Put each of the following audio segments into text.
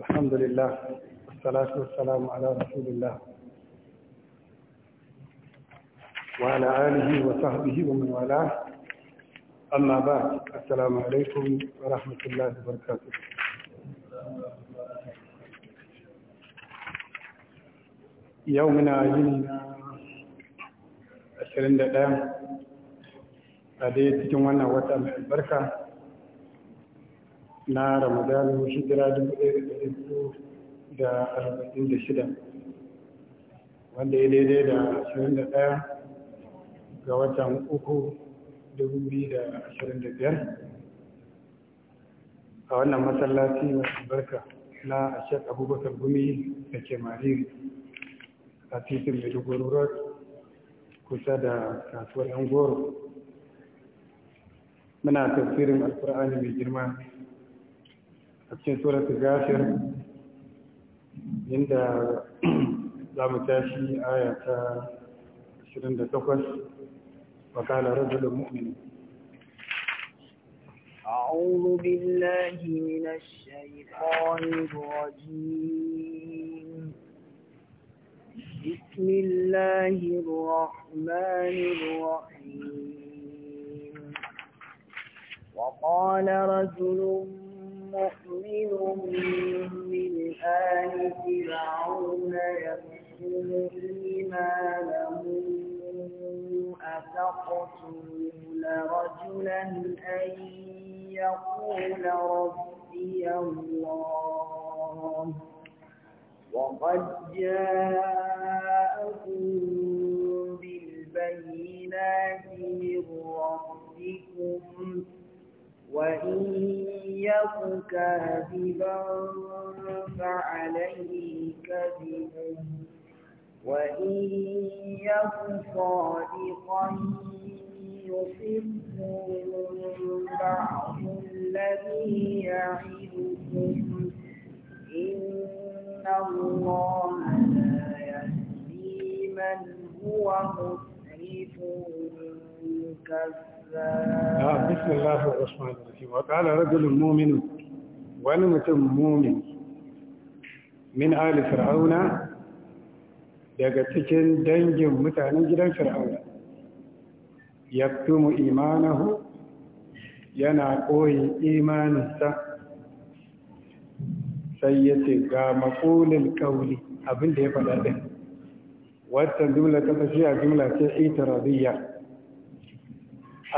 الحمد لله والصلاة والسلام على رسول الله وعلى آله وصحبه ومن والاه أما بعد السلام عليكم ورحمة الله وبركاته يومنا يومنا 21 a أديت جمعنا wannan wata na ramadanin shekara 1446 wanda ya daidai da 21 ga watan 3 2025 a wannan masallaci masu barka na ashek abubakar gumi da ke mariri a titin medugoro road kusa da kasuwar yan goro muna tafsirin alkur'ani mai girma cikin surat gafir inda za mu tashi aya ta 28 wa kala أعوذ بالله من الشيطان الرجيم بسم الله الرحمن الرحيم وقال رجل أقتل رجلا أن يقول ربي الله وقد جاءكم بالبينات من ربكم وإن يك كاذبا فعليه كذبه وإن يك صادقا يصبهم بعض الذي يعدكم إن الله لا يهدي من هو مسرف كذاب نعم، بسم الله الرحمن الرحيم وقال رجل مؤمن ولمة مؤمن من آل فرعون daga cikin dangin mutanen gidan fir'auna yaktumu imanahu yana koyi imaninsa sai ya ce ga makulin kauli abinda ya faɗa ɗin wata jumla ta a jumla ce itiradiyya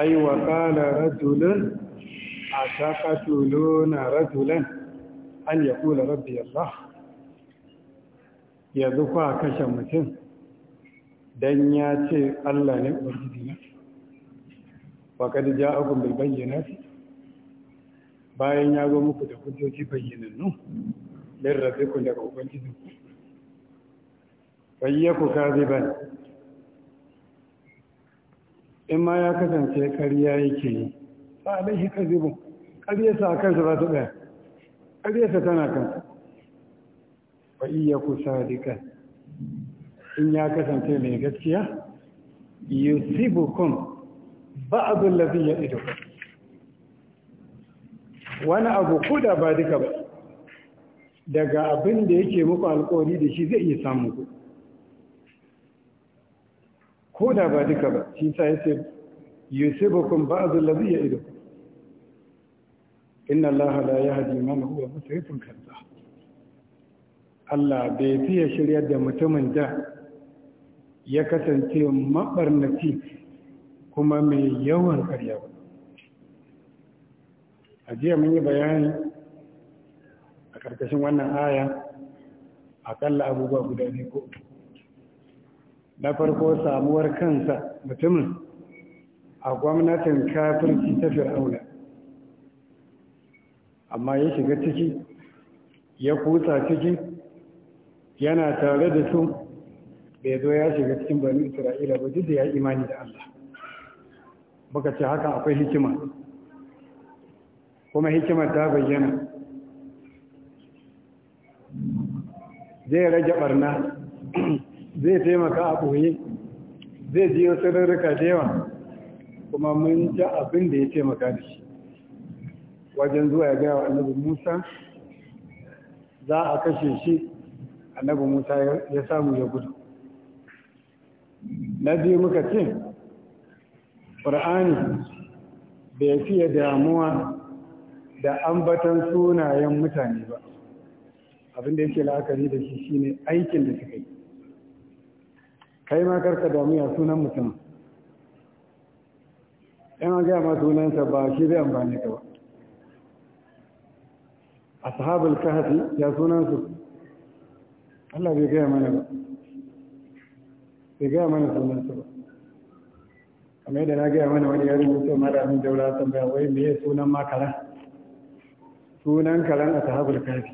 ai wa ƙala rajulun a taƙatuluna rajulan an ya kula rabbi Allah yanzu kwa kashe mutum don ya ce Allah ne ubangiji na faƙad ja'akum bil bayyinati bayan ya zo muku da hujjoji bayyanannu rafi ku daga ku kazi ba in ma ya kasance ƙarya yake yi fa alaihi kazibun ƙaryarsa a kansu za su ɗaya sa tana kansu fa iya kusa sadika in ya kasance mai gaskiya ba yusibukum ya allazi ya'idukum wani abu kuda ba duka ba daga abin da yake muku alkawari da shi zai iya samu ku ko da ba duka ba shi sa abin yusibukum ya allazi ya'idukum inna allaha la yahdi man huwa musrifun kan Allah bai fiye shirya da mutumin da ya kasance maɓarnaci kuma mai yawan karya ba a jiya mun yi bayani a ƙarƙashin wannan aya aƙalla abubuwa guda ne ko na farko samuwar kansa mutumin a gwamnatin kafirci ta fir'auna amma ya shiga ciki ya kusa ciki yana tare da su bai zo ya shiga cikin bani isra'ila ba duk da ya imani da Allah baka ce haka akwai hikima kuma hikimar ta bayyana zai rage barna zai taimaka a ɓoye zai wasu tsirrika da yawa kuma mun ja abin da ya taimaka da shi wajen zuwa ya gaya wa annabi musa za a kashe shi annabi musa ya samu ya gudu na biyu muka ce ƙur'ani bai fiye damuwa da ambatan sunayen mutane ba Abin abinda yake la'akari da shi shine aikin da suka yi kai ma karka damu ya sunan mutum yana gaya ma sunansa ba shi zai amfani ka ba ashabul kahfi ya sunansu Allah bai gaya mana ba bai gaya mana sunansa ba kamar yadda na gaya mana wani ya mutum mara min daula tambaya wai me ya sunan makara? sunan karan a sahabul kafi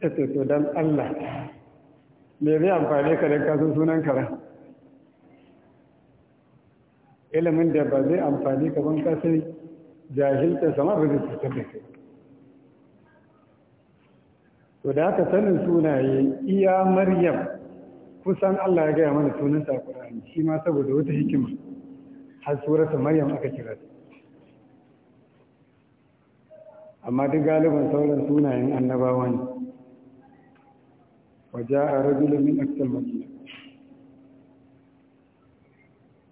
ita ce to don Allah me zai amfani ka da kasu sunan karan ilimin da ba zai amfani ka ban kasu jahilta sama ba zai cutar to da haka sanin sunaye iya maryam kusan Allah ya gaya mana sunanta a Qur'ani shi ma saboda wata hikima har surata maryam aka kira ta amma duk galiban sauran sunayen annabawa ne waje a rajulun min aksal madina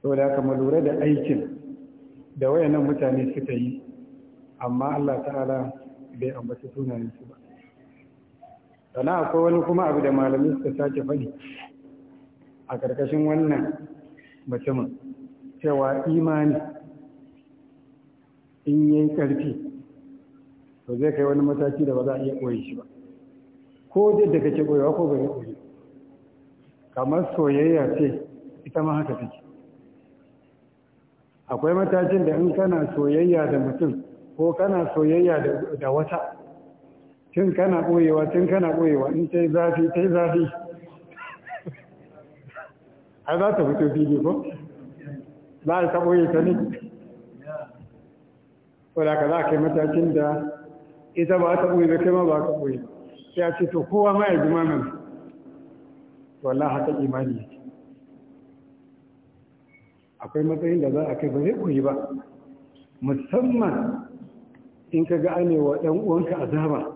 to da aka lura da aikin da wayannan mutane suka yi amma Allah ta'ala bai ambaci sunayen su ba sana akwai wani kuma abu da malamai suka sake faɗi a ƙarƙashin wannan mutumin cewa imani in yi ƙarfi to zai kai wani mataki da ba za a iya ɓoye shi ba ko dai daga ke ɓoyewa ko ba ya ɓoye kamar soyayya ce ita ma haka take akwai matakin da in kana soyayya da mutum ko kana soyayya da wata cin kana ɓoyewa cin kana ɓoyewa in ta yi zafi ta yi zafi a za ta fito fili ko za a ta ɓoye ta ne wadda ka za a kai matakin da ita ba ta ɓoye da kai ma ba ka ɓoye sai a ce to kowa ma ya jima nan wallah haka imani yake akwai matsayin da za a kai ba zai ɓoye ba musamman in ka ga anewa ɗan uwanka azaba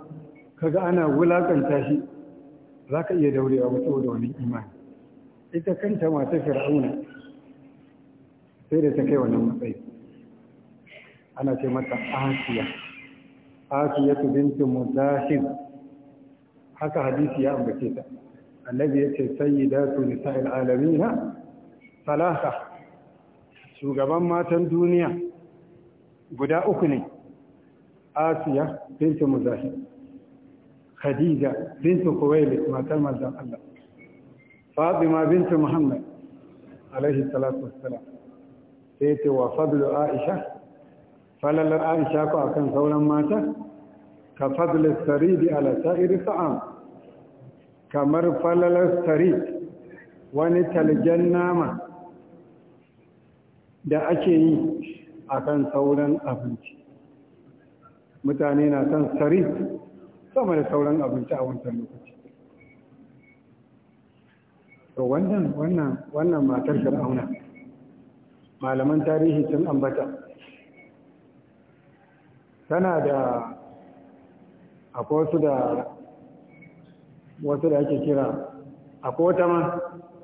kaga ana wulakanta shi za ka iya daurewa ba saboda wani imani ita kanta masu fir'auna sai da ta kai wannan matsayi ana ce mata asiya asiya ta bintu mutashin haka hadisi ya ambace ta annabi yace sayyidatu nisa'il alamina? salasa shugaban matan duniya guda uku ne asiya bintu mutashin khadija bintu kuwailis matar manzon Allah fatima bintu muhammad alaihi salatu wassalam sai ta wa fadlu aisha falalar aisha ko akan sauran mata ka fadlu saridi ala sa'iri sa'am kamar falalar sarid wani taljan nama da ake yi akan sauran abinci mutane na kan sarid sama da sauran abinci a wancan lokaci to wannan wannan wannan matar fir'auna malaman tarihi sun ambata tana da akwai wasu da wasu da ake kira akwai wata ma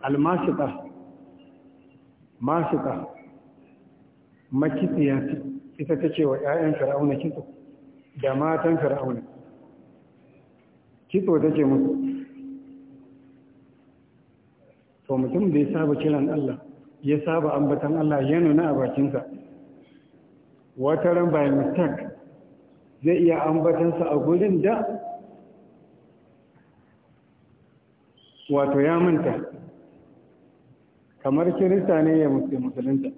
almashika mashika makitsiya ita ta ce wa 'ya'yan fir'auna kitso da matan fir'auna kitso ke musu to mutum da ya saba kiran Allah ya saba ambatan Allah ya nuna a bakinsa wata ran by mistake zai iya ambatansa a gurin da wato ya manta kamar kirista ne ya musulunta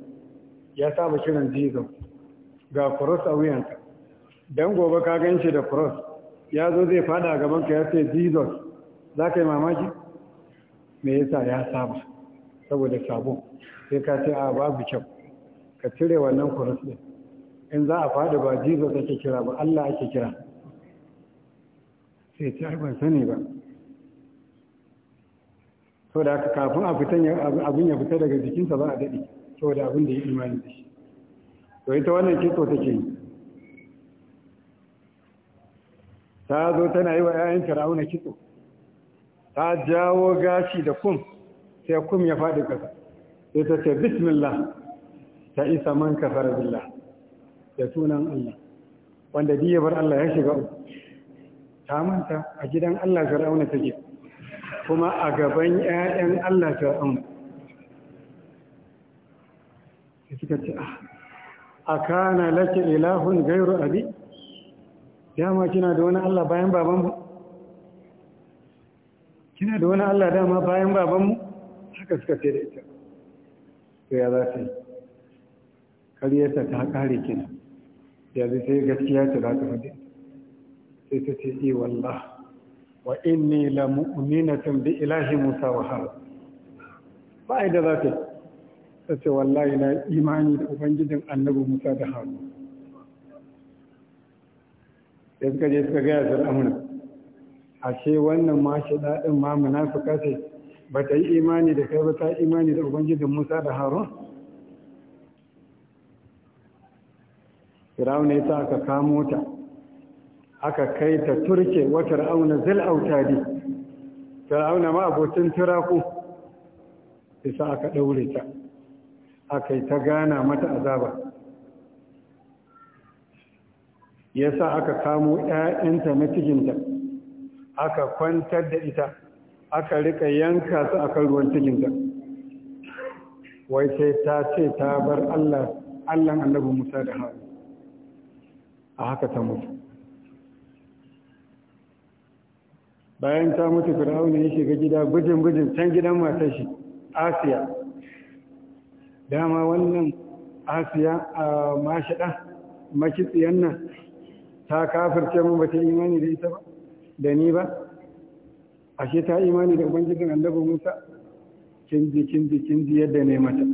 ya saba kiran jizo ga cross a wuyansa don gobe ka gan shi da cross ya zo zai fada a gabanka ya ce jesus za ka yi mamaki me yasa ya saba saboda sabo sai ka ce a babu kyau ka cire wannan kurus ɗin in za a fada ba jesus ake kira ba allah ake kira sai ce ai ban sani ba sau da aka kafin abin ya fita daga jikinsa ba a daɗe saboda abin da ya imani da shi to ita wannan kiko take yi ta zo tana yi wa 'ya'yan fir'auna kitso ta jawo gashi da kum sai kum ya faɗi ƙasa sai ta ce bismillah ta isa man kafara billah da sunan Allah wanda duk bar Allah ya shiga uku ta manta a gidan Allah fir'auna take kuma a gaban 'ya'yan Allah fir'auna sai suka ce ah, a kana lake ilahun gairu abi dama kina da wani Allah bayan babanmu kina da wani Allah dama bayan babanmu haka suka ce da ita to ya za su yi ta kare kina Ya zai sai gaskiya ta za ta faɗi sai ta ce yi eh, walla wa inni la tun bi ilahi musa wa haru ba yi da za ta ta ce wallahi na imani da ubangijin annabi musa da haru sai suka je suka gaya fir'auna ashe wannan ma shi dadin ma munafika ce ba ta yi imani da kai ba ta imani da ubangijin Musa da Harun Fir'auna ya sa aka kamo ta aka kai ta turke wa fir'auna zal autadi fir'auna ma abotin turaku sai aka daure ta aka yi ta gana mata azaba ya sa aka kamo ‘ya'yanta na cikinta aka kwantar da ita aka rika yanka su akan ruwan cikinta wai sai ta ce ta bar Allah Allahn annabi Musa da haru a haka ta mutu bayan ta mutu fir'auna ya shiga gida gujin gujin can gidan matar shi asiya dama wannan asiya a mashiɗa makitsiyan nan ta kafirce mun ba ta imani da ita ba da ni ba ashe ta imani da ubangijin annabi Musa kinji kinji kinji yadda ne mata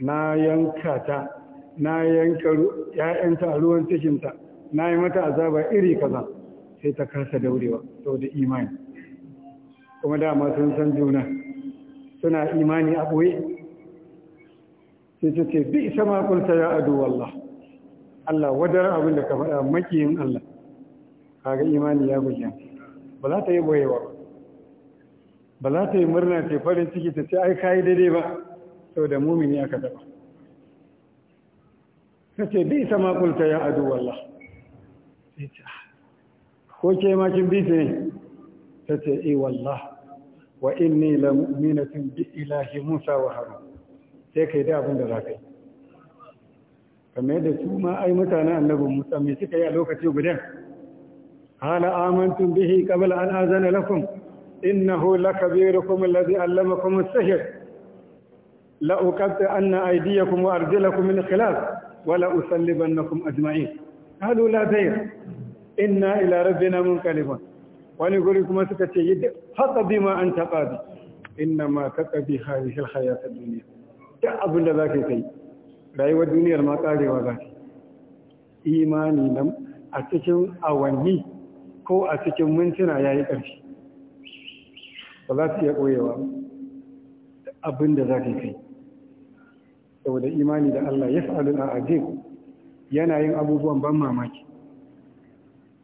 na yanka ta na yanka ya'yanta a ruwan cikinta na yi mata azaba iri kaza sai ta kasa daurewa da imani kuma dama sun san juna suna imani a ɓoye sai ta ce bi sama kulta ya adu wallah Allah wadar abin da ka faɗa makiyin Allah kaga imani ya bayyana ba za ta yi boyewa ba za ta yi murna ta farin ciki ta ce ai yi daidai ba sau da mumini aka zaba ta ce bi sama kulta ya adu wallah ah, ko ke ma kin bi ne ta ce i eh, wallah wa inni la mu'minatin bi ilahi musa wa harun sai kai da abin da za ka yi kamar da su ma ai mutanen annabin musa me suka yi a lokaci guda hala amantum bihi qabla an azana lakum innahu lakabirukum alladhi allamakum as-sihr la uqatta anna aydiyakum wa arjulakum min khilaf wa la usallibannakum ajma'in qalu la tayr inna ila rabbina munqalibun wani guri kuma suka ce yadda haka ma an taqadi inna ma taqadi hadhihi al-hayat ad-dunya da abin da zaka yi rayuwar duniyar ma karewa za imani nan a cikin awanni ko a cikin mintuna ya yi ƙarfi ba za su iya ɓoyewa abin da za ka kai saboda imani da Allah ya fa'alun a ajin yana yin abubuwan ban mamaki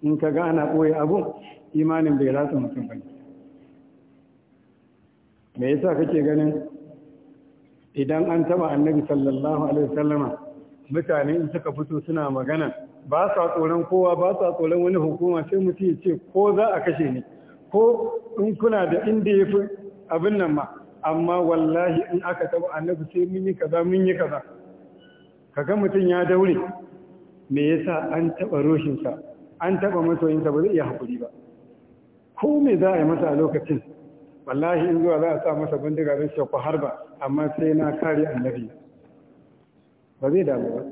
in ka ga ana ɓoye abu imanin bai ratsa mutum ba me yasa kake ganin idan an taba annabi sallallahu alaihi wasallama mutane in suka fito suna magana ba sa tsoron kowa ba sa tsoron wani hukuma sai mutum ya ce ko za a kashe ni ko in kuna da inda yafi abin nan ma amma wallahi in aka taba annabi sai mun yi kaza mun yi kaza kaga mutum ya daure me yasa an taba roshinsa an taba masoyinsa ba zai iya hakuri ba ko me za a yi masa a lokacin wallahi in zuwa za a sa masa bindiga zai shekwa har harba amma sai na kare annabi ba zai damu ba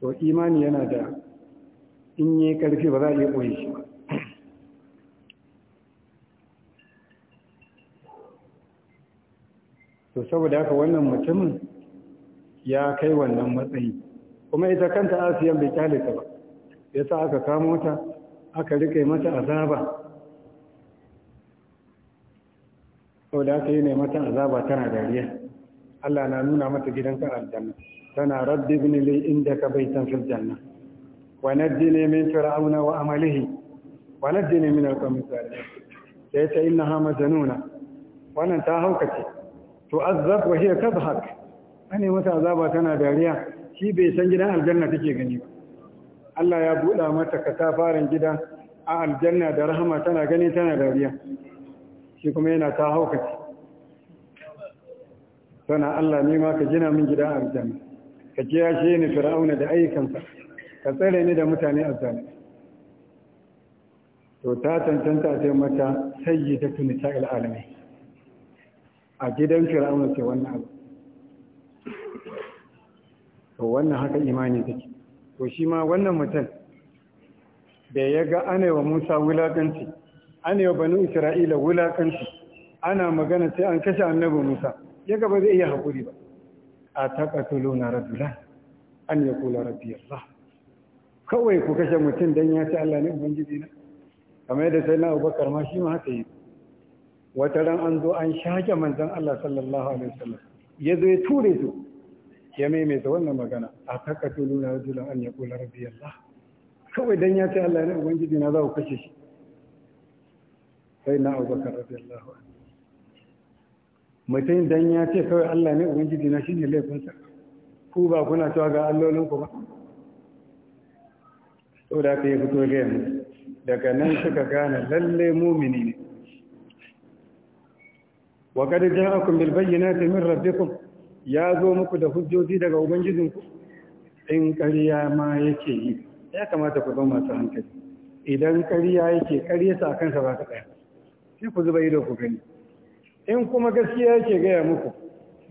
to imani yana da in yi karfi ba za a iya ɓoye shi ba to saboda haka wannan mutumin ya kai wannan matsayi kuma ita kanta asiyan bai kyale ta ba ya sa aka kamo ta aka rike mata azaba sau da aka yi ne mata azaba tana dariya Allah na nuna mata gidanka aljanna tana rabbi ibn li bai baitan fil janna wa ne min fir'auna wa amalihi wa najjini min al-qawmi sai ta ha majnuna wannan ta haukace To azab wa hiya tadhhak ani mata azaba tana dariya shi bai san gidan aljanna take gani ba Allah ya buɗa mata katafaren gida a aljanna da rahama tana gani tana dariya shi kuma yana ta haukaci sana Allah ne ma ka gina min gida a aljanna ka ya kiyashe ni fir'auna da ayyukansa ka tsare ni da mutane a aljanna to ta cancanta ce mata yi ta tuni ta al'alami a gidan fir'auna ce wannan abu to wannan haka imani take to shi ma wannan mutum da ya ga ana wa musa wulaƙanci an yi wa banu isra'ila wulaƙanci ana magana sai an kashe annabi musa ya gaba zai iya haƙuri ba a taƙatulo na radula an ya kula rabiyar ba kawai ku kashe mutum don ya ce allah ne ubangiji na kamar yadda sai na abubakar ma shi ma haka yi wata ran an zo an shaƙe manzan allah sallallahu alaihi wasallam ya zo ya ture su ya maimaita wannan magana a taƙatulo na radula an yi kula rabiyar ba kawai don ya ce allah ne ubangiji na za ku kashe shi sai na abubakar radiyallahu anhu mutum dan ya ce kawai Allah ne ubangiji na shine laifinsa ku ba kuna cewa ga allolin ku ba saboda ka yi fito gaya daga nan suka gane lalle mumini ne wa kad ja'akum bil bayyinati min rabbikum ya zo muku da hujjoji daga ubangijinku in kariya ma yake yi ya kamata ku zama masu hankali idan kariya yake kariya sa kansa ba ka ɗaya sai ku zuba ido ku gani in kuma gaskiya yake gaya muku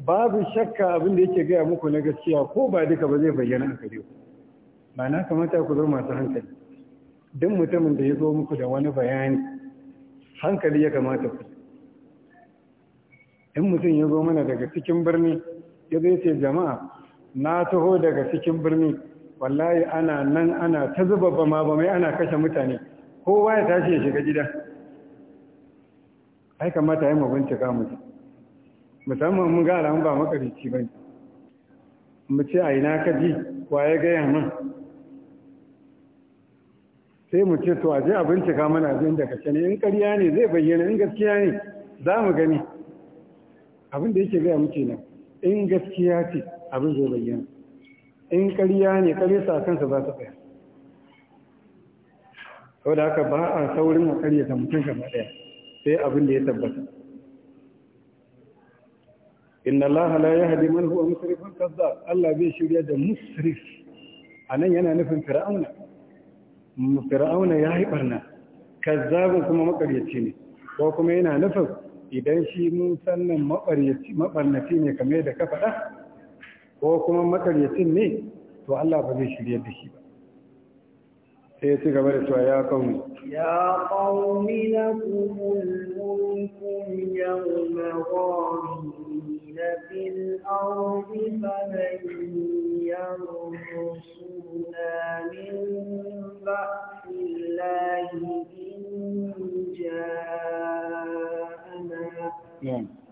babu shakka abin da yake gaya muku na gaskiya ko ba duka ba zai bayyana a gare ku ba na kamata ku zo masu hankali duk mutumin da ya zo muku da wani bayani hankali ya kamata ku in mutum ya zo mana daga cikin birni ya zai ce jama'a na taho daga cikin birni wallahi ana nan ana ta zuba bama mai ana kashe mutane kowa ya tashi ya shiga gida ai kamata ya mu bincika mu musamman mun ga alamun ba makarici ba ne mu ce a ina ka ji wa ya gaya min sai mu ce to a je a bincika mana zai daga cani in ƙarya ne zai bayyana in gaskiya ne za mu gani abin da yake gaya muke nan in gaskiya ce abin zai bayyana in ƙarya ne su a kansa za ta tsaya saboda haka ba a saurin a ƙaryata mutum gaba ɗaya sai abin da ya tabbata inna allaha la yahdi man huwa musrifun kazzab Allah bai shirya da musrif anan yana nufin fir'auna fir'auna ya yi barna kazzabun kuma makaryaci ne ko kuma yana nufin idan shi mun sannan makaryaci mabarnaci ne kamar yadda ka faɗa ko kuma makaryacin ne to Allah ba zai shirya da shi ba sai ci gaba da cewa ya kauni ya kauni na kumul mulkun yau na kwari na fil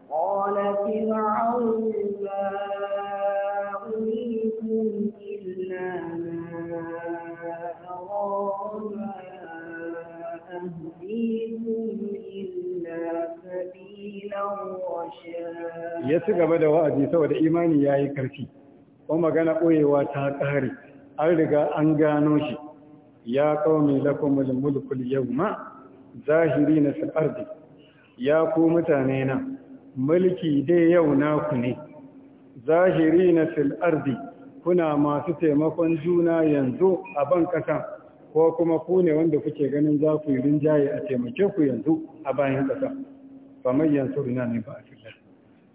قال فرعون ما ya ci gaba da wa'azi saboda imani ya yi karfi ko magana ɓoyewa ta ƙare an riga an gano shi ya ƙaumi lakumul mulkul ma zahiri na fil'ardi ya ku mutane na mulki dai yau na ku ne zahiri na fil'ardi kuna masu taimakon juna yanzu a ban ƙasa ko kuma ku ne wanda kuke ganin za ku yi rinjaye a taimake ku yanzu a bayan ƙasa fa mai ba min ba'atillah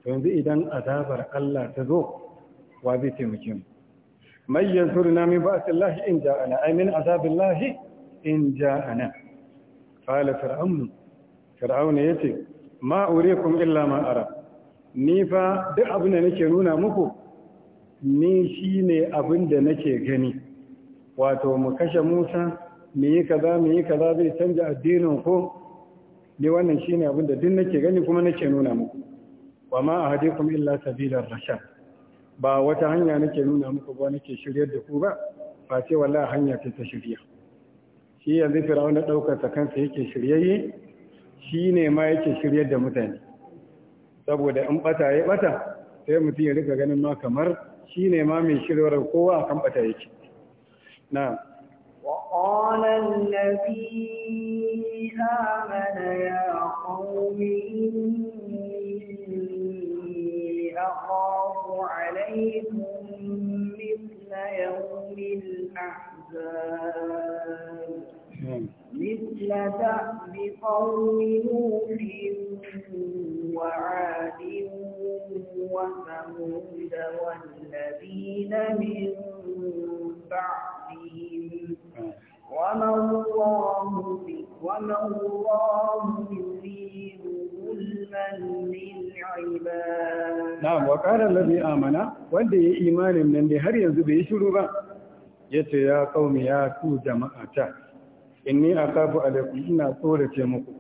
to yanzu idan azabar Allah ta zo wa zai taimake mu mai yansuruna min ba'atillah in ja'ana ai min lahi in ja'ana qala fir'aun fir'aun yace ma urikum illa ma ara ni fa duk abin da nake nuna muku ni shine abin da nake gani wato mu kashe Musa mu yi kaza mu yi kaza zai canja addinin ko ni wannan shi abin da duk nake gani kuma nake nuna muku wa ma kuma illa sabilar rashad ba wata hanya nake nuna muku ba nake shiryar da ku ba ba ce a hanya ce ta shirya shi yanzu firawuna ɗaukar ta kansa yake shiryayye ne ma yake shirya da mutane saboda in bata ya bata sai mutum ya riga ganin ma kamar shi ne ma mai shiryar kowa a kan bata yake na'am وقال الذي آمن يا قوم إني أخاف عليكم مثل يوم الأحزاب مثل دأب قوم نوح وعاد وثمود والذين من بعد وما wa وما الله a mana, wanda ya yi imanin nan da har yanzu bai shuru ba ce ya kaumi ya a jama'ata inni akafu alaikum ina tsorace muku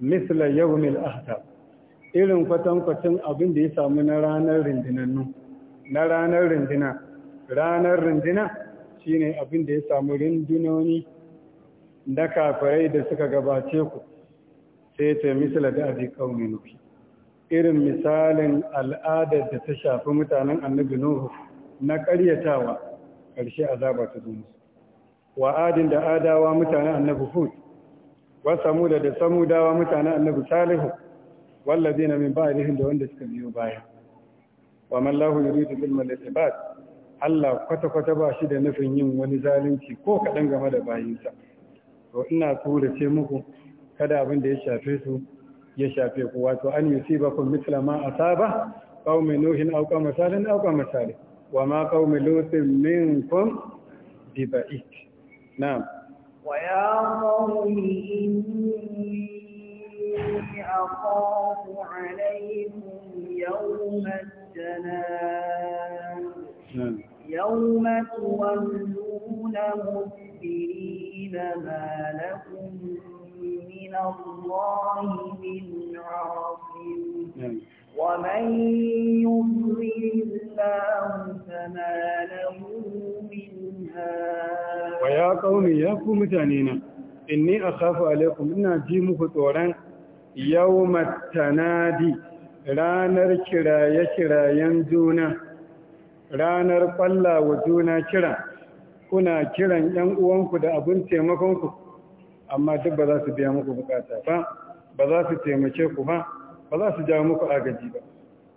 misla yawmil ahzab irin kwatankwacin abin da ya samu na ranar rindinannu na ranar rindina ranar rindina ne abin da ya samu rindunoni da kafirai da suka gabace ku sai ta misala da abi kauni nufi irin misalin al'adar da ta shafi mutanen annabi nuhu na ƙaryatawa ƙarshe azaba ta zo wa adin da adawa mutanen annabi hud wa samuda da samudawa mutanen annabi salihu wallazina min ba'dihim da wanda suka biyo baya wa man lahu yuridu bil malaikat Allah kwata-kwata ba shi da nufin yin wani zalunci ko kaɗan game da bayinsa. To ina ce muku kada abin da ya shafe su ya shafe ku wato an yi siba kun mitla ma a saba mai nuhin auka misalin auka misali wa ma mai lusin min kun diba'it. na. Wa ya ƙaumi أخاف عليكم يوم تولون مدبرين ما لكم من الله من عاصم نعم. ومن يضلل الله فما له من هاد ويا قوم يا قوم ثانينا إني أخاف عليكم إن أجيمك طورا يوم التنادي رانر كرايا كرايا دونه ranar ƙwalla wa juna kira kuna kiran ‘yan uwanku da abin taimakonku amma duk ba za su biya muku bukata ba ba za su taimake ku ba ba za su jawo muku agaji ba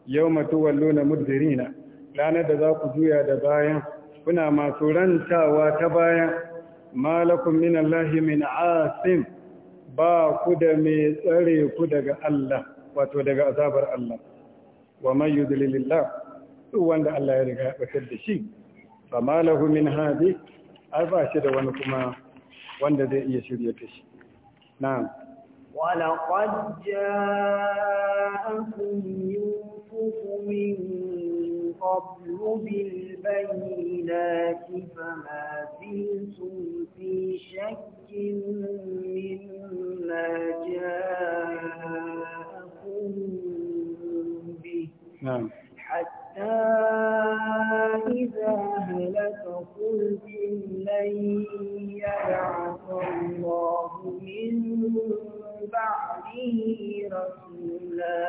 yau wallo na muddirina ranar da za ku juya da bayan kuna masu rantawa ta bayan malakun min Allahi min asim ba ku da mai tsare ku daga Allah wato daga azabar Allah wa mai yudulillah wanda Allah ya riga ya batar da shi fa malahu min hadi ai ba shi da wani kuma wanda zai iya shirye ta shi na'am ولقد جاءكم يوسف من قبل بالبينات فما زلتم في شك مما جاءكم به حتى حتى إذا هلك قلتم لن يبعث الله من بعده رسولا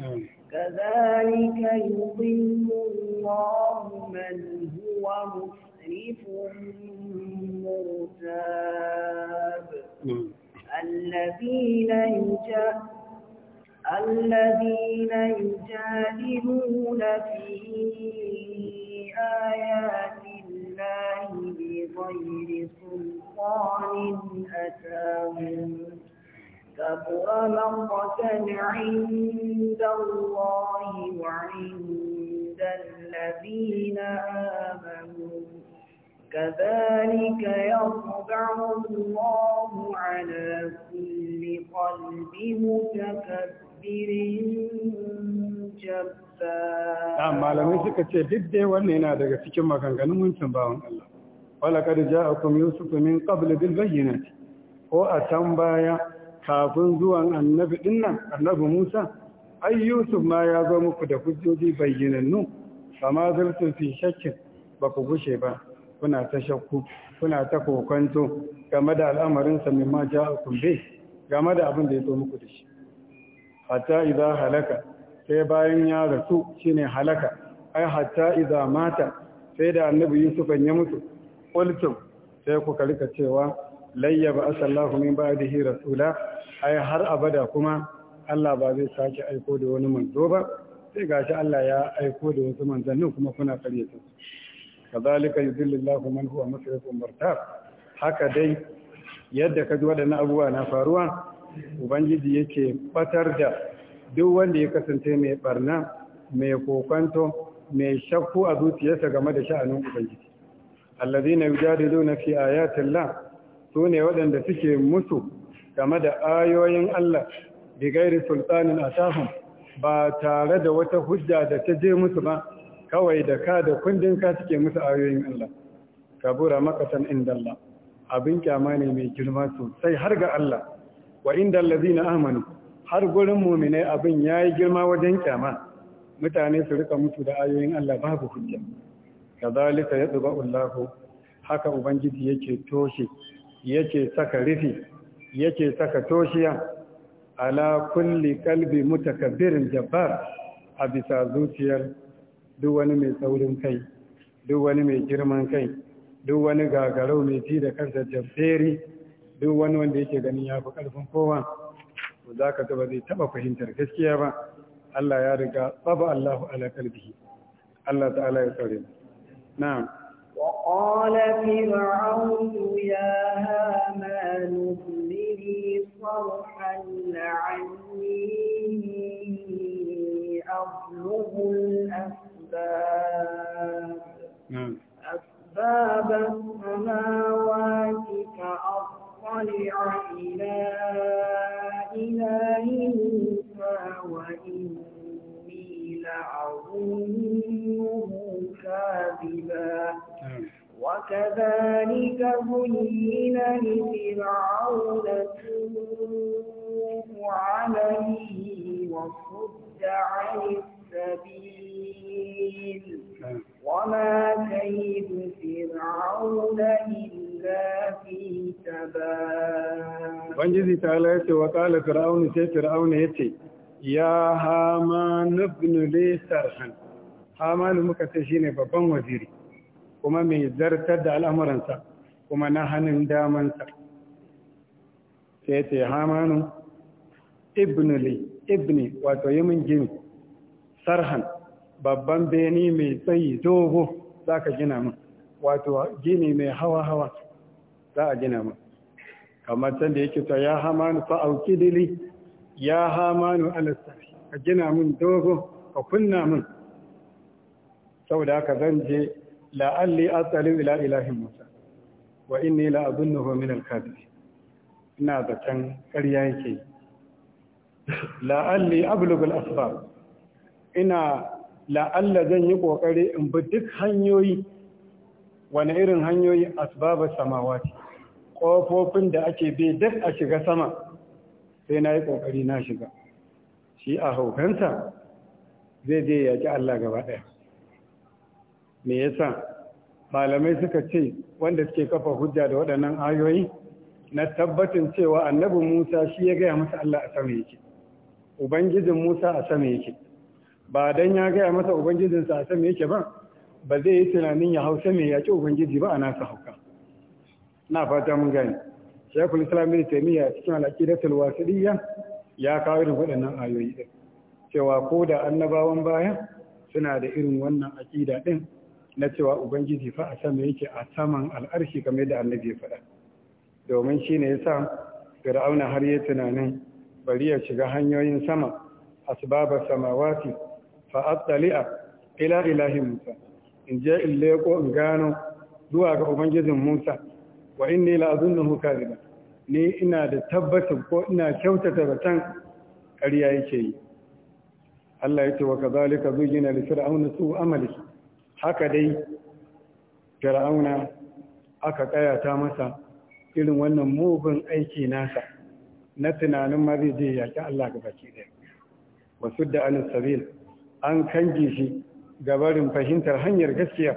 نعم. كذلك يضل الله من هو مسرف مرتاب نعم. الذين يجاهدون الذين يجادلون في آيات الله بغير سلطان أتاهم كبر مقتا عند الله وعند الذين آمنوا كذلك يطبع الله على كل قلب متكبر malamai suka ce duk dai wannan yana daga cikin maganganun muncin bawan Allah wala kad ja'akum yusuf min qabl bil bayyinati ko a can baya kafin zuwan annabi dinnan annabi Musa ai yusuf ma ya zo muku da hujjoji bayyinannu fama zaltu fi shakkin ba ku gushe ba kuna ta shakku kuna ta kokonto game da al'amarin sa mimma a bi game da abin da ya zo muku da shi hatta idza halaka sai bayan ya rasu shine halaka ai hatta idza mata sai da annabi yusuf ya mutu qultum sai ku karka cewa layya ba asallahu min ba'dihi rasula ai har abada kuma Allah ba zai sake aiko da wani manzo ba sai gashi Allah ya aiko da wasu manzannin kuma kuna su kadalika yudillillahu man huwa musrifun murtab haka dai yadda kaji waɗannan abubuwa na faruwa ubangiji yake batar da duk wanda ya kasance mai barna mai kokonto mai shakku a zuciyarsa game da sha'anin ubangiji allazina na fi Su ne waɗanda suke musu game da ayoyin Allah da gairi sultanin tahun? ba tare da wata hujja da ta je musu ba kawai da ka da kundin ka suke musu ayoyin Allah kabura makasan inda Allah abin kyama ne mai girma sosai har ga Allah wa inda na amanu har gurin mu'minai abin yi girma wajen kyama mutane su rika mutu da ayoyin Allah babu hujja ya tsuba Ullahu haka ubangiji yake toshe yake saka rufi yake saka toshiya ala kulli kalbi mutakabbirin jabbar a bisa zuciyar duk wani mai saurin kai duk wani mai girman kai duk wani gagarau mai ji da kansa jabberi duk wani wanda yake ganin ya fi ƙarfin kowa to za ka ba zai taɓa fahimtar gaskiya ba Allah ya riga tsaba Allahu ala ƙarfi Allah ta'ala ya tsare na'am وقال فرعون يا هامان ابن لي صرحا لعلي أبلغ الأسباب أسباب السماوات فأطلع مطلع إلى إله موسى وإني لأظنه كاذبا نعم. وكذلك زين لفرعون سوء عمله ta'ala ya ce wa ƙala fir'auni sai fir'auni ya ce ya hama nufnu le sarhan ne muka ce shi ne babban waziri kuma mai zartar da al'amuransa kuma na hannun damansa sai ce hama hamanu ibnuli ibni wato yi min gini sarhan babban beni mai tsayi dogo za ka gina min wato gini mai hawa-hawa za a gina min kamar can da yake ta ya hamanu fa auki dili ya hamanu alastafi ka gina min dogo ka kunna min saboda haka zan je la'alli asalu ila ilahin musa wa inni la azunnuhu min al-kadhib ina zaton ƙarya yake la'alli ablugul asbab ina la'alla zan yi kokari in bi duk hanyoyi wani irin hanyoyi samawa samawati ƙofofin da ake bi duk a shiga sama sai na yi ƙoƙari na shiga shi a haukansa zai je ya Allah gaba ɗaya me yasa malamai suka ce wanda suke kafa hujja da waɗannan ayoyi na tabbatin cewa annabi Musa shi ya gaya masa Allah a sama yake ubangijin Musa a sama yake ba dan ya gaya masa ubangijinsa a sama yake ba ba zai yi tunanin ya hausa mai yaki ubangiji ba a nasa hauka na fata mun gani shekul islam bin taimiyya cikin al'aqidatul wasiliyya ya kawo irin waɗannan ayoyi din cewa ko da annabawan baya suna da irin wannan aqida din na cewa ubangiji fa a sama yake a saman al'arshi kamar da annabi ya faɗa domin shine yasa fir'auna har ya tunanin bari ya shiga hanyoyin sama asbabas samawati fa attali'a ila ilahi musa in je in leko in gano zuwa ga ubangijin musa wa inni la azunnahu kadiban ni ina da tabbacin ko ina kyautata batan ƙarya yake yi Allah ya ce wa kazalika zujina li fir'auna su amali haka dai fir'auna aka kayata masa irin wannan mugun aiki nasa na tunanin ma zai je yaki Allah ga baki ɗaya wasu da an sabil an kange shi gabarin fahimtar hanyar gaskiya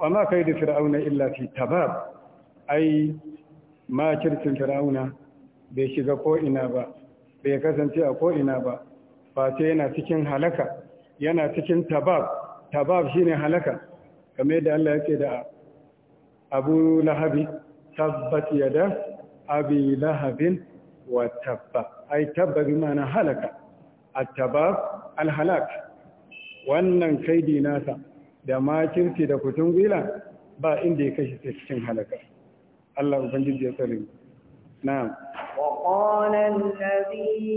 amma kai da fir'auna illa fi tabab ai makircin fir'auna bai shiga ko'ina ba bai kasance a ko'ina ba ba sai yana cikin halaka yana cikin tabab tabab shine halaka kamar yadda Allah yake da Abu Lahabi tabbat yada abi lahabin wa tabba ai tabba bi ma'ana halaka at-tabab al-halak wannan kaidi nasa da makirci da kutungila ba inda ya kashi cikin halaka الله ubangiji يا tsare نعم وقال الذي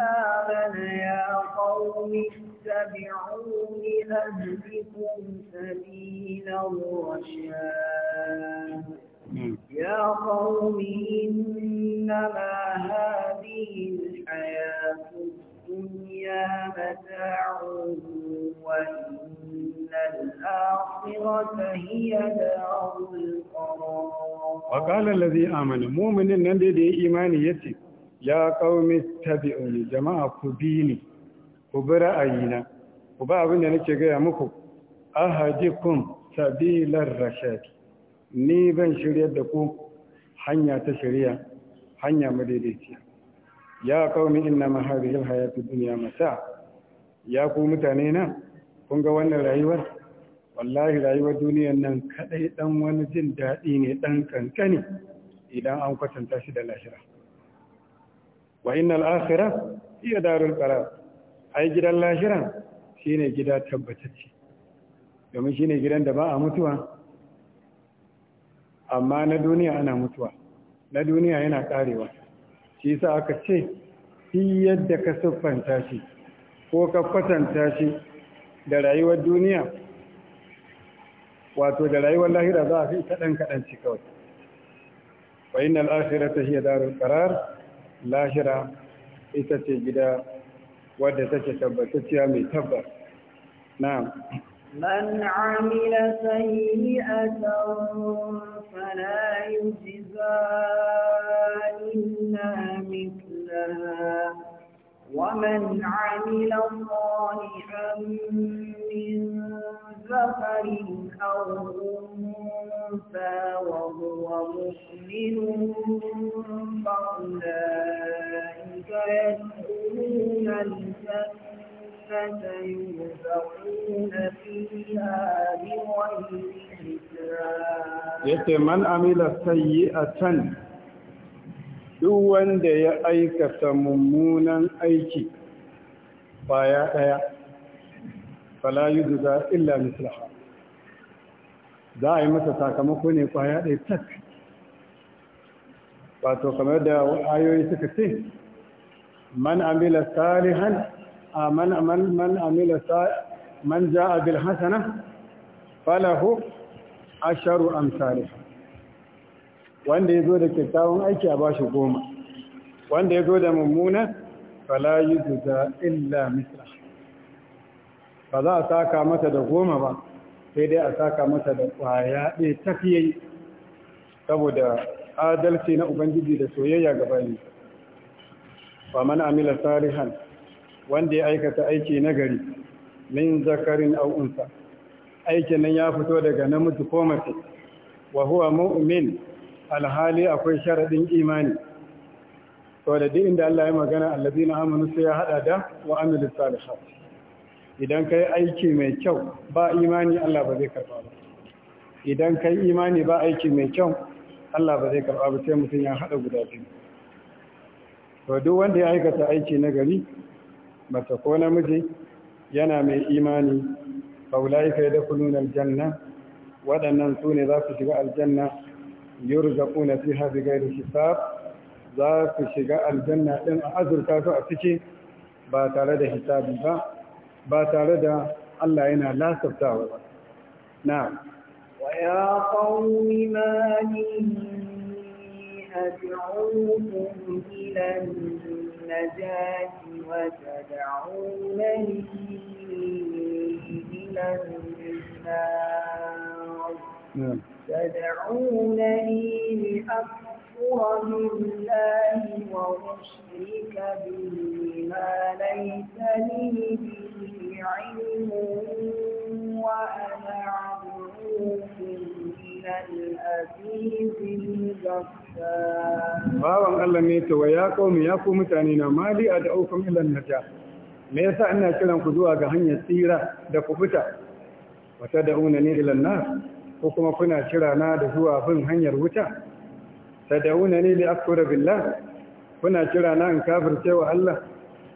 آمن يا قوم اتبعوني أهلكم سبيل الرشاد نعم. يا قوم إنما هذه الحياة الدنيا متاع وإن الآخرة هي دار القرار وقال الذي آمن مؤمن نندي دي إيماني يتي يا قوم اتبعوني جماعة كبيني كبرأينا وبعضنا نكي مكو أهدكم سبيل الرشاد ni ban shirya da ku hanya ta shirya ya inna ma hadhihi alhayatu dunya mata ya ku mutane na kun ga wannan rayuwar wallahi rayuwar duniyar nan kadai dan wani jin daɗi ne dan kankani idan an kwatanta shi da lahira wa innal akhirah hiya darul qarar ai gidan lahira shine gida tabbatacce domin shine gidan da ba a mutuwa amma na duniya ana mutuwa na duniya yana karewa shi yasa aka ce shi yadda ka siffanta shi ko ka kwatanta shi da rayuwar duniya wato da rayuwar lahira za a fi kaɗan kaɗan ci kawai wa inna ta hiya darul qarar lahira ita ce gida wadda take tabbatacciya mai tabbas na'am من عمل سيئة فلا يجزى ومن عمل صالحا من ذكر أو أنثى وهو مؤمن فأولئك يدخلون الجنة يرزقون فيها بغير حساب. من عمل سيئة duk wanda ya aikata mummunan aiki baya ɗaya fala yujza illa mislaha za a yi masa sakamako ne kwaya ɗaya tak wato kamar da ayoyi suka ce man amila salihan man man man amila man ja'a bil hasana falahu asharu amsalihan wanda ya zo da kyakkyawan aiki a ba shi goma wanda ya zo da mummuna fala yi zuta illa misra ba za a saka masa da goma ba sai dai a saka masa da kwaya ɗaya saboda adalci na ubangiji da soyayya ga bayi ba mana amila tarihan wanda ya aikata aiki na gari min zakarin au'unsa aikin nan ya fito daga namiji ko mace wa huwa mu'min alhali akwai sharaɗin imani wadda duk inda Allah ya magana allazi na amanu sai ya haɗa da wa amilu salihat idan ka aiki mai kyau ba imani Allah ba zai karɓa ba idan ka imani ba aiki mai kyau Allah ba zai karɓa ba sai mutum ya haɗa guda biyu to duk wanda ya aikata aiki na gari mace ko namiji yana mai imani faulai kai da kulunan janna waɗannan su ne za su shiga aljanna yurzaquna fiha bighairi hisab za su shiga aljanna din a azurta su a ciki ba tare da hisabi ba ba tare da Allah yana lasaftawa ba na'am wa ya qaumi ma أدعوكم إلى النجاة وتدعونني إلى النار فدعونني لأكفر بالله وأشرك به ما ليس لي به علم وأنا عبدكم إلى الأزيز Bawan Allah ne ta wa ya kome ya ku mutane na ma li a da'ukum ilan naja me yasa ina kiran ku zuwa ga hanyar tsira da ku fita wata da'una ne ilan ko kuma kuna kira na da zuwa bin hanyar wuta tad'una ni li akfura billah kuna kira na in kafirce wa Allah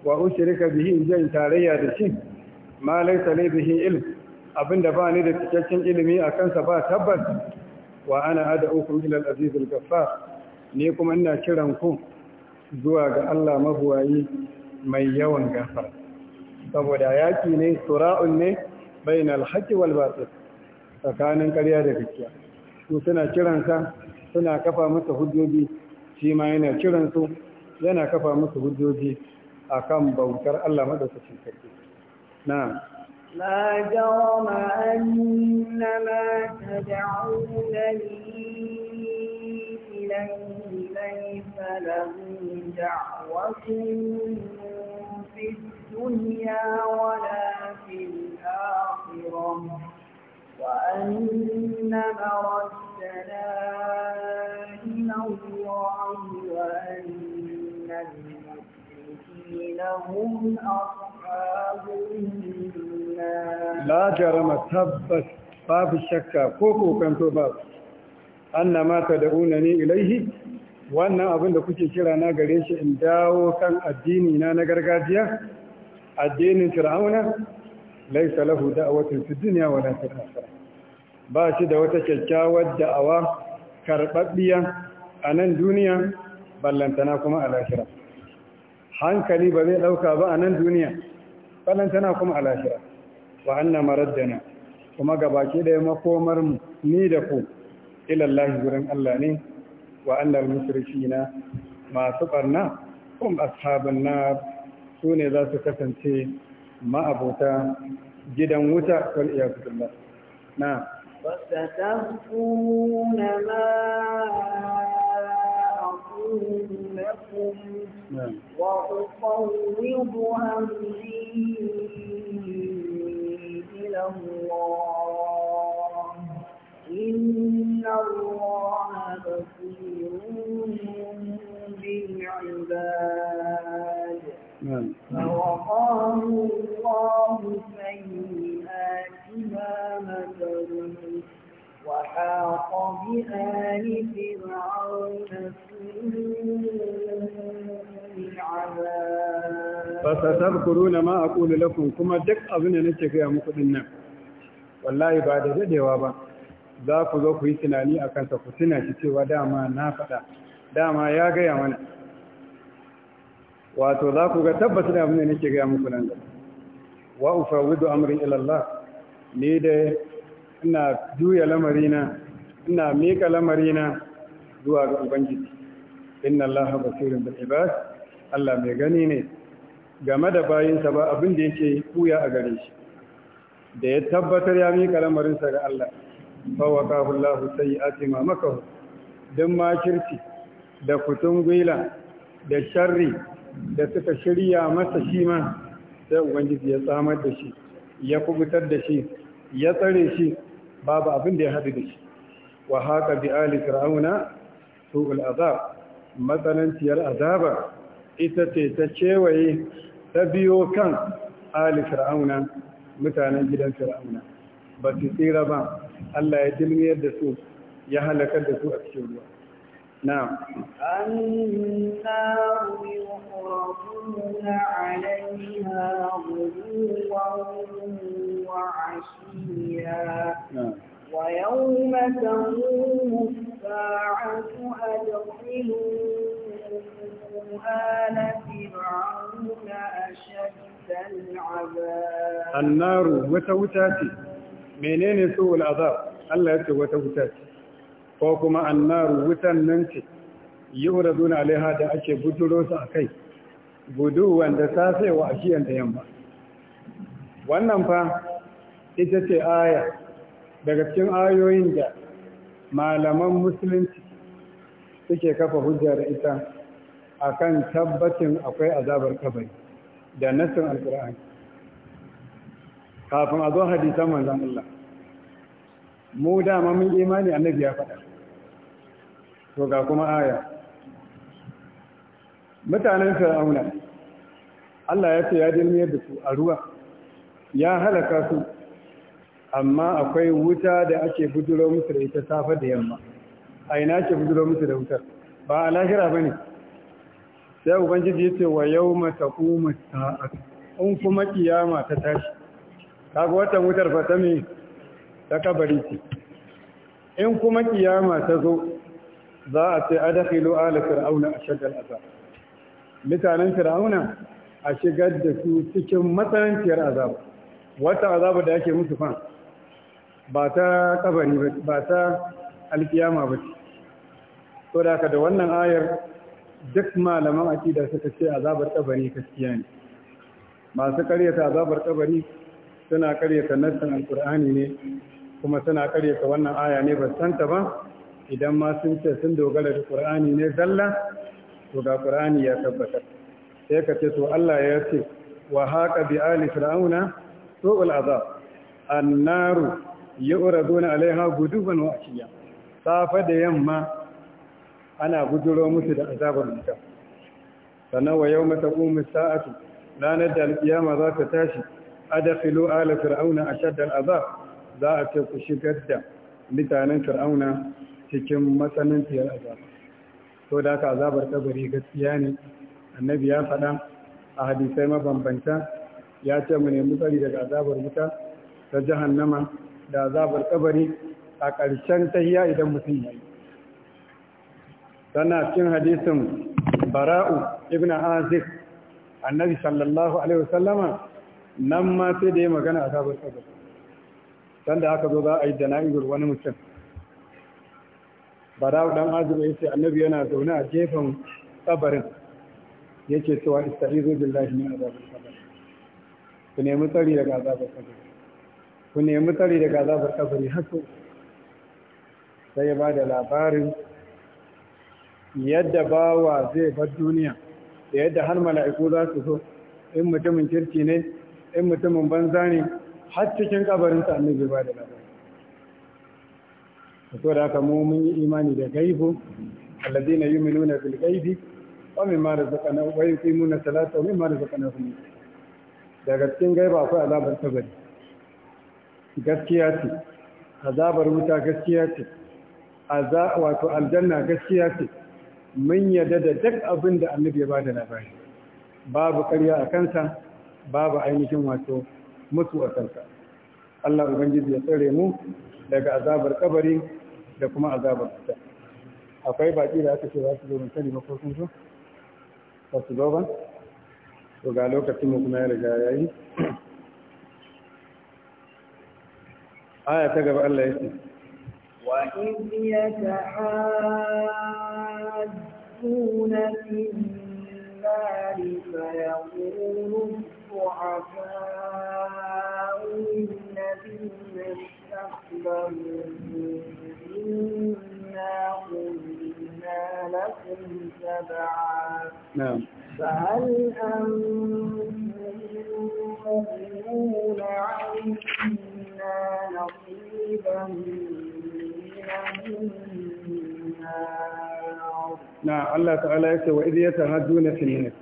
wa ushrika bihi in jin tarayya da shi ma laysa li bihi ilm abinda ba ni da cikakken ilimi akan sa ba tabbas wa ana ad'ukum ila al-aziz al-ghaffar kuma ina kiran ku zuwa ga Allah mabuwayi mai yawan gafara saboda yaki ne sura'un ne bainal haqqi wal batil tsakanin ƙarya da gaskiya su suna kiransa suna kafa masa hujjoji shi ma yana kiransu yana kafa masa hujjoji a kan bautar Allah madaukakin sarki na لا جرم أن ما تدعونني إليه ليس له دعوة في الدنيا ولا وأن مردنا إلى الله وأن المشركين هم أصحاب النار لا جرم تبت babu shakka ko kokanto ba anna ma ta ilaihi wannan abin da kuke kirana gare shi in dawo kan addinina na na gargajiya addinin fir'auna laisa lahu da'awatun fi dunya wala fil akhirah ba shi da wata kyakkyawar da'awa karɓaɓɓiya a nan duniya ballantana kuma a lahira hankali ba zai ɗauka ba a nan duniya ballantana kuma a lahira wa anna maraddana kuma gabaki daya makomar mu ni da ku ilallahi gurin Allah ne wa annal musrifina masu barna kuma ashaban nar su ne za su kasance ma'abota gidan wuta wal iyadu billah na فستهكمون ما أقول لكم وأفوض أمري إلى الله إن الله بصير بالعباد فستذكرون ما أقول لكم كما دك أبن نتك يا مقدنا والله بعد ذلك وابا za ku يسناني ku yi tunani a نافتا ku tuna shi cewa wato za ku ga tabbatar abin da nake gaya muku nan da wa ufawidu amrin ila Allah ni da ina juya lamarina ina mika lamarina zuwa ga ubangiji inna Allah basirun bil ibad Allah mai gani ne game da bayinsa ba abin da yake kuya a gare shi da ya tabbatar ya mika lamarinsa ga Allah fa waqahu Allah sayyi'ati ma makahu dan makirci da kutun gwila da sharri da suka shirya masa shi ma sai ubangiji ya tsamar da shi ya kubutar da shi ya tsare shi babu abin da ya haɗu da shi wa haka bi ali fir'auna su'ul azab matsananciyar azaba ita ce ta cewaye ta biyo kan ali fir'auna mutanen gidan fir'auna ba su tsira ba Allah ya dilmiyar da su ya halakar da su a cikin ruwa نعم النار يخرجون عليها غدوا وعشيا نعم ويوم تقوم الساعة أدخلوا آل فرعون أشد العذاب النار وتوتاتي منين سوء العذاب الله يتوتاتي ko kuma annaru wutan nan ce yuraduna alaiha da ake buduro su kai budu wanda ta safe wa ashiyan da yamma wannan fa ita ce aya daga cikin ayoyin da malaman musulunci suke kafa hujjar ita akan tabbacin akwai azabar kabari da nassin alkur'ani kafin a zo hadisan manzon Allah mu dama mun imani annabi ya faɗa to ga kuma aya mutanen fir'auna Allah ya ce ya dilmiyar da su a ruwa ya halaka su amma akwai wuta da ake buduro musu da ita safa da yamma a ina ake buduro musu da wutar ba a lahira ba ne sai ubangiji ya ce wa yau mata kuma in kuma kiyama ta tashi kaga watan wutar fata me ta kabari ce in kuma kiyama ta zo za a ce adakhilu ala fir'auna ashaddal aza mutanen fir'auna a shigar da su cikin matsananciyar azaba wata azaba da ake musu fan ba ta kabari ba ta alkiyama ba ce to da da wannan ayar duk malaman akida suka ce azabar kabari gaskiya ne masu karyata azabar kabari suna karyata nassan alkur'ani ne kuma suna karyata wannan aya ne ba santa ba idan ma sun ce sun dogara da ƙur'ani ne zalla to ga ƙur'ani ya tabbatar sai ka ce to Allah ya ce wa haka bi ali fir'auna su'ul azab annaru yu'raduna alaiha guduban wa ashiya safa da yamma ana guduro musu da azabar wuta sannan wa yawma taqumu sa'atu ranar da alkiyama za ta tashi adkhilu ala fir'auna ashadda azab za a ce ku shigar da mutanen fir'auna cikin matsanantiyar azaba to da haka azabar kabari gaskiya ne annabi ya faɗa a hadisai mabambanta ya ce mu nemi tsari daga azabar wuta ta jahannama da azabar kabari a ƙarshen tahiya idan mutum ya yi sana cikin hadisin bara'u ibn azib annabi sallallahu alaihi wasallama nan ma sai da ya magana azabar kabari sanda aka zo za a yi da jana'izar wani mutum barawu dan azumi yace annabi yana zaune a gefen kabarin yake cewa istaizu billahi min azabil qabr ku nemi tsari daga azabar kabari ku nemi tsari daga azabar kabari haka sai ya ba da labarin yadda bawa zai bar duniya da yadda har mala'iku za su zo in mutumin kirki ne in mutumin banza ne har cikin sa annabi ba da labarin to da haka mu mun yi imani da gaibu alladina yu'minuna bil ghaibi wa mimma razaqna wa yuqimuna salata wa mimma razaqnahum daga cikin gaiba akwai azabar kabari gaskiya ce azabar wuta gaskiya ce wato aljanna gaskiya ce mun yadda da duk abin da annabi ya bada labari babu ƙarya a kansa babu ainihin wato mutu a kansa Allah ubangiji ya tsare mu daga azabar kabari da kuma azabar ta akwai baki da aka ce za su zo mun sani ko su ba su zo ba to ga lokacin mu kuma ya riga ya yi aya ta gaba Allah ya ce وإذ يتحاجون في النار فيقول الضعفاء للذين استكبروا إنا نعم فهل na Allah ta'ala ya ce wa idh yatahaduna fil nar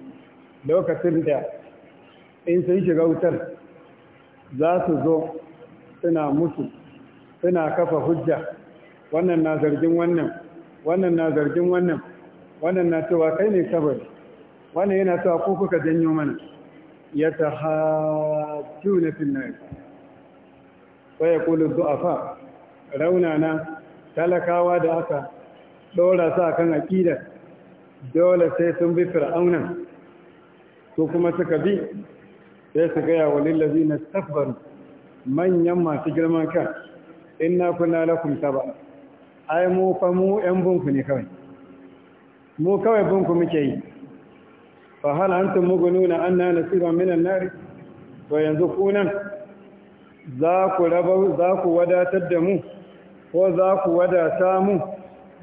lokacin da in sun shiga wutar za su zo suna mutu, suna kafa hujja wannan na zargin wannan wannan na zargin wannan wannan na cewa kai ne kabari wannan yana cewa ko kuka janyo mana ya ta hajju na finnar sai ya kulu du'afa raunana talakawa da aka dora sa kan aƙida dole sai sun bi fir'aunan su kuma suka bi sai su gaya wa lillazi na manyan masu girman kan inna kuna lakum taba'a ai mu fa mu yan bunku ne kawai mu kawai bunku muke yi fa hal antum mughnuna anna nasiba min an-nar to yanzu ku nan za ku raba za ku wadatar da mu ko za ku wadata mu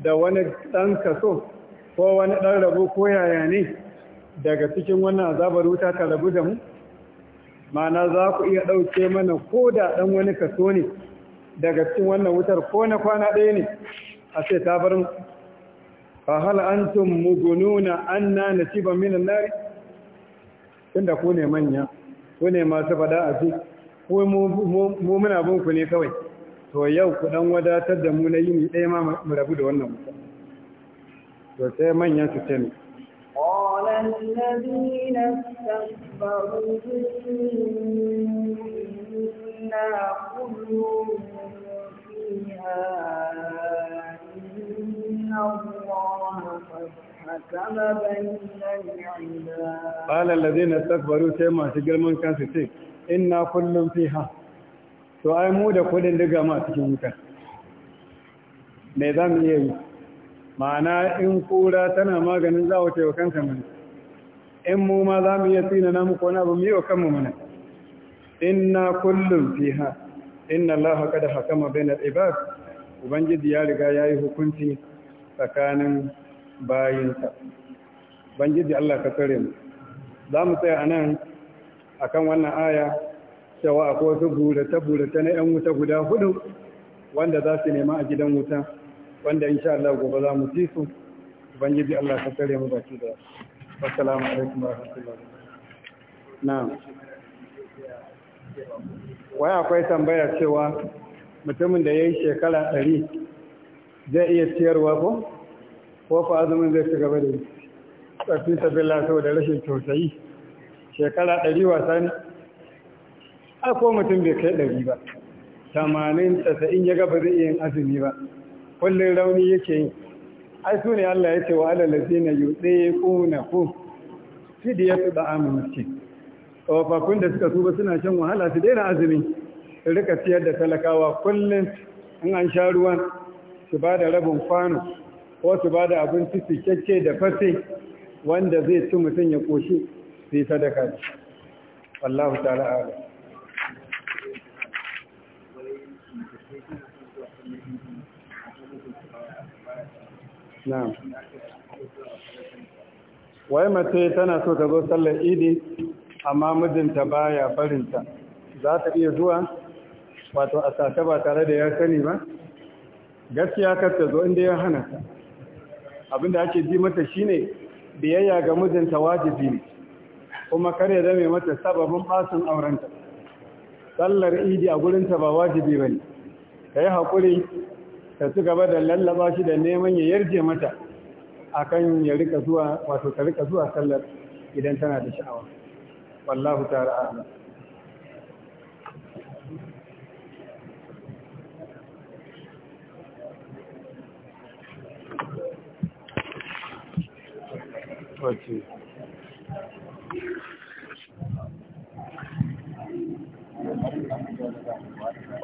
da wani dan kaso ko wani dan rabo ko yaya ne daga cikin wannan azabar wuta ta rabu da mu ma'ana za ku iya ɗauke mana ko da ɗan wani kaso ne daga cikin wannan wutar ko na kwana ɗaya ne a ce ta bar mu fa hal antum mugununa anna min minan nar tunda ku ne manya ku ne masu fada a ce ku mu muna bin ku ne kawai to yau ku dan wadatar da mu na yini ɗaya ma mu rabu da wannan wutar? to sai manyan su ce ne قال الذين استكبروا إنا كل فيها إن الله حكم بين العباد قال الذين استكبروا سيما سجل من كان ستيك إنا كل فيها to ai mu da kudin diga ma cikin wuta me za mu iya yi ma'ana in kura tana maganin za wa kanta mana in mu ma za mu iya tsina na muku wani abu mu yi wa kanmu mana inna kullum fiha inna Allah kada hakama bainar ibad ubangiji ya riga ya yi hukunci tsakanin bayinsa ubangiji Allah ka tsare mu za mu tsaya anan akan wannan aya cewa akwai wasu burata-burata na 'yan wuta guda hudu wanda za su nema a gidan wuta wanda in sha Allah gobe za mu ci ubangiji Allah ka tsare mu ba shi da assalamu alaikum warahmatullahi na. wai akwai tambaya cewa mutumin da ya yi shekara ɗari zai iya ciyarwa ko ko fa azumin zai ci gaba da yi tsafi sabila sau da rashin tausayi shekara ɗari wasa ne a ko mutum bai kai ɗari ba tamanin tasa'in ya gaba zai iya yin azumi ba kullum rauni yake yi ai su ne allah ya ce wa alalazi na yi ku na ku fidiyar su da amin tsofaffin da suka tuba suna shan wahala su daina azumi su rika siyar da talakawa kullum in an sha ruwan su ba da rabin kwano ko su ba da abinci kyakke da fase wanda zai ci mutum ya koshi su yi sadaka da wallahu ta'ala ala wai mace tana so ta zo sallar idi amma mijinta ba ya barinta za ta iya zuwa wato a sata ba tare da ya sani ba gaskiya kar ta zo inda ya hana ta abinda ake ji mata shine biyayya ga mijinta wajibi ne kuma kar ya zame mata sababin fasin aurenta sallar idi a gurinta ba wajibi ba ne ta yi haƙuri ta ci gaba da lallaba shi da neman ya yarje mata akan ya rika zuwa wato ta rika zuwa sallar idan tana da sha'awa wallahu ta'ala a'lam Thank you.